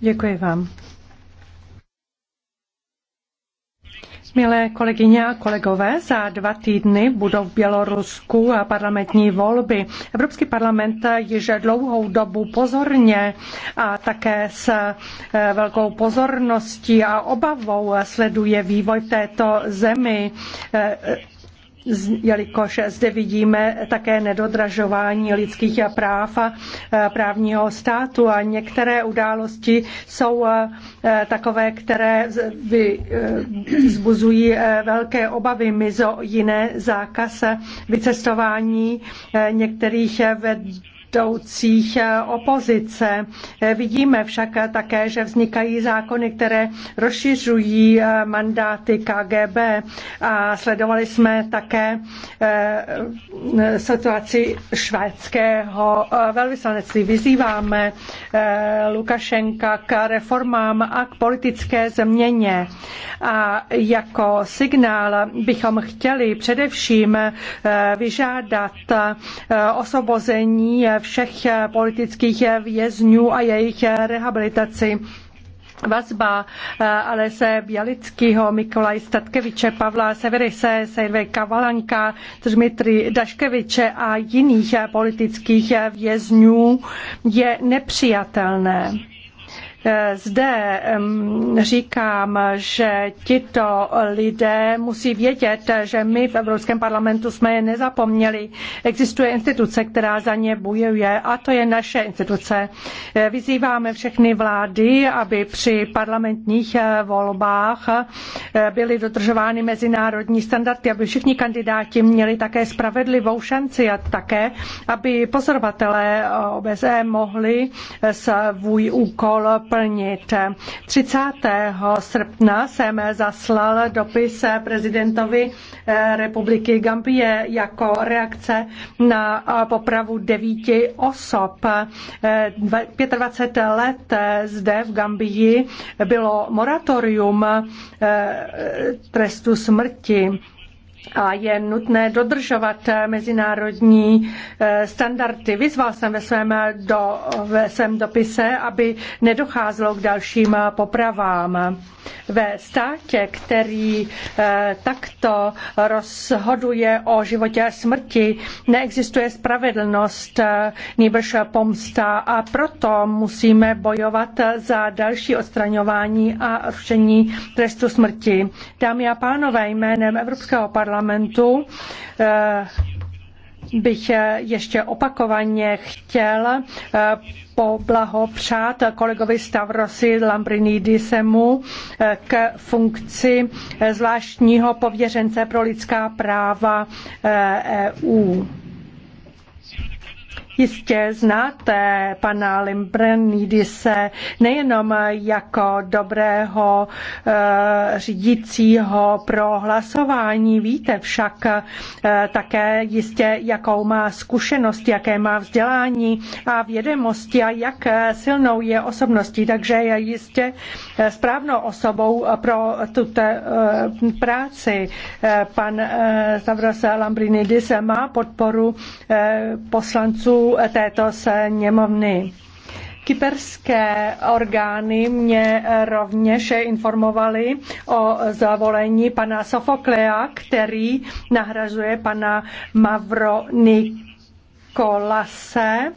Děkuji vám. Milé kolegyně a kolegové, za dva týdny budou v Bělorusku parlamentní volby. Evropský parlament již dlouhou dobu pozorně a také s e, velkou pozorností a obavou sleduje vývoj této zemi e, e, jelikož zde vidíme také nedodražování lidských práv a e, právního státu a některé události jsou e, e, takové, které vzbuzují velké obavy. Mizo jiné zákaz vycestování některých ve rostoucích eh, opozice. Eh, vidíme však také, že vznikají zákony, které rozšiřují eh, mandáty KGB a sledovali jsme také situaci švédského velvyslanectví. Vyzýváme Lukašenka k reformám a k politické změně. A jako signál bychom chtěli především vyžádat osvobození všech eh, politických eh, vězňů a jejich eh, rehabilitaci vazba Alese Bělického, Mikolaj Statkeviče, Pavla Severise, Sejve Kavalanka, Dmitry Daškeviče a jiných politických vězňů je nepřijatelné Eh, zde říkám, že tito lidé musí vědět, že my v Evropském parlamentu jsme je nezapomněli. Existuje instituce, která za ně bojuje a to je naše instituce. Eh, vyzýváme všechny vlády, aby při parlamentních eh, volbách byly dodržovány mezinárodní standardy, aby všichni kandidáti měli také spravedlivou šanci a také, aby pozorovatelé OBSE mohli svůj úkol doplnit. 30. srpna jsem zaslal dopis prezidentovi eh, republiky Gambie jako reakce na eh, popravu devíti osob. 25 eh, let zde v Gambii bylo moratorium trestu smrti a je nutné dodržovat eh, mezinárodní eh, standardy. Vyzval jsem ve svém, eh, do, ve svém dopise, aby nedocházelo k dalším popravám ve státě, který eh, takto rozhoduje o životě a smrti, neexistuje spravedlnost, eh, nýbrž pomsta a proto musíme bojovat za další odstraňování a rušení trestu smrti. Dámy a pánové, jménem Evropského parlamentu eh, bych eh, ještě opakovaně chtěl eh, poblahopřát kolegovi Stavrosi Lambrinidisemu eh, k funkci zvláštního pověřence pro lidská práva EU. E Jistě znáte pana Limbrenidise nejenom jako dobrého eh, řídícího pro hlasování, víte však eh, také jistě, jakou má zkušenost, jaké má vzdělání a vědomosti a jak silnou je osobností, takže je jistě eh, správnou osobou pro tuto práci. Pan Stavros Lambrinidis má podporu poslanců této sněmovny. Kyperské orgány mě rovněž informovali o zavolení pana Sofoklea, který nahrazuje pana Mavro Nikolase.